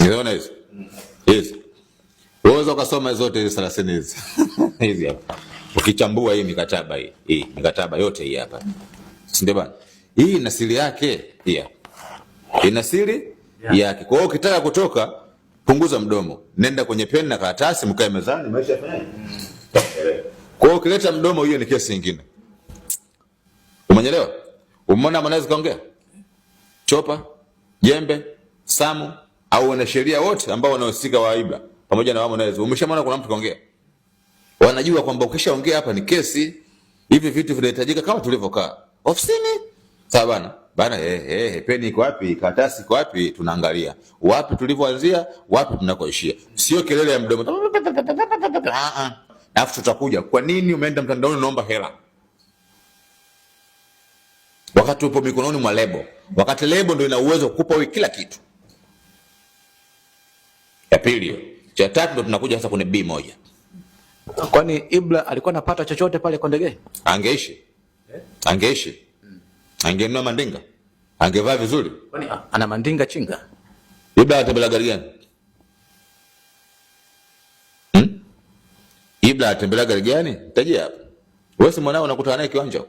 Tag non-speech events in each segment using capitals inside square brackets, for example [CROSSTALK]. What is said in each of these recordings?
Ungeona hizi hizi, unaweza ukasoma zote hizi 30 hizi [LAUGHS] hizi hapa, ukichambua hii mikataba hii hii mikataba yote hii hapa, si ndio bana? Hii ina siri yake, hii ina siri yake. Kwa hiyo ukitaka kutoka, punguza mdomo, nenda kwenye peni na karatasi, mkae mezani, maisha yafanyaje? Kwa hiyo ukileta mdomo, hiyo ni kesi nyingine. Umenyelewa? Umeona mwanaizi kaongea chopa, jembe, samu au wanasheria wote ambao wanahusika waiba pamoja na wao naweza. Umeshamwona kuna mtu kaongea. Wanajua kwamba ukishaongea hapa ni kesi, hivi vitu vinahitajika kama tulivyokaa. Ofisini. Sawa bana. Bana eh eh, eh peni iko wapi? Karatasi iko wapi? Tunaangalia. Wapi tulivyoanzia, wapi tunakoishia. Sio kelele ya mdomo. Ah ah. Alafu tutakuja. Kwa nini umeenda mtandaoni unaomba hela? Wakati upo mikononi mwa lebo. Wakati lebo ndio ina uwezo kukupa kila kitu pili. hiyo. Cha tatu ndo tunakuja sasa kwenye B moja. Kwani Ibra alikuwa anapata chochote pale kwa ndege? Angeishi. Angeishi. Angenunua mandinga. Angevaa vizuri. Kwani ana mandinga chinga? Ibra atembelea gari gani? Hmm? Ibra atembelea gari gani? Tajia hapa. Wewe si mwanao unakutana naye kiwanja.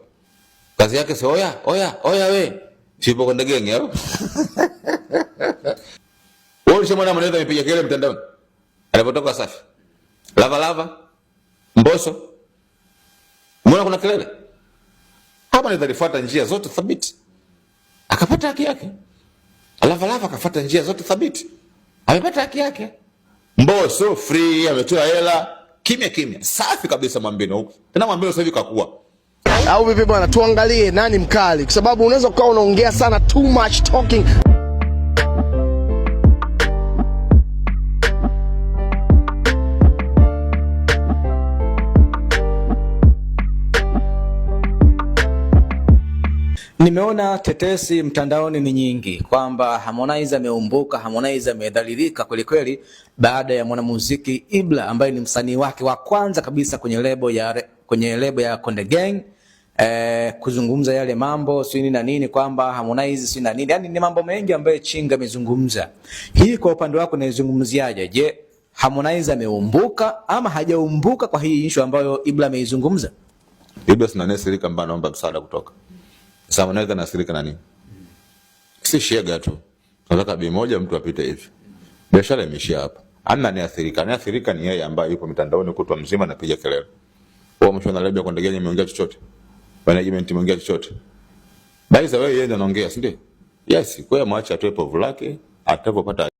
Kazi yake si oya, oya, oya we. Sipo kwa ndege ngeo. [LAUGHS] Wewe ulishamwona Harmonize amepiga kelele mtandaoni alipotoka Safi, lava lava, Mbosso, umeona kuna kelele hapa. Anaweza alifuata njia zote thabiti akapata haki yake. Lava lava akafuata njia zote thabiti amepata haki yake. Mbosso free ametoa hela kimya kimya, safi kabisa Mwambino huko tena. Mwambino sasa hivi kakua au vipi bwana? Tuangalie nani mkali, kwa sababu unaweza ukawa unaongea sana, too much talking Nimeona tetesi mtandaoni ni nyingi kwamba Harmonize ameumbuka, Harmonize amedhalilika kweli kweli, baada ya mwanamuziki Ibra ambaye ni msanii wake wa kwanza kabisa kwenye lebo ya, kwenye lebo ya Konde Gang eh, kuzungumza yale mambo sio na nini kwamba Harmonize sio na nini, yani ni mambo mengi ambayo Chinga amezungumza. Hii kwa upande wako naizungumziaje? Je, Harmonize ameumbuka ama hajaumbuka kwa hii issue ambayo Ibra ameizungumza? Ibra sina nesi lika mbana naomba msaada kutoka Sawa, naweza nasirika na nini? Si shega tu. Nataka bei moja mtu apite hivi. Biashara imeishia hapa. Ana anayeathirika, anayeathirika ni yeye ambaye yupo mitandaoni kutwa mzima anapiga kelele. Wao mshona labda kwa ndege imeongea chochote. Management imeongea chochote. By the way yeye ndiye anaongea, si ndio? Yes, kwa hiyo mwache atoe povu lake atakapopata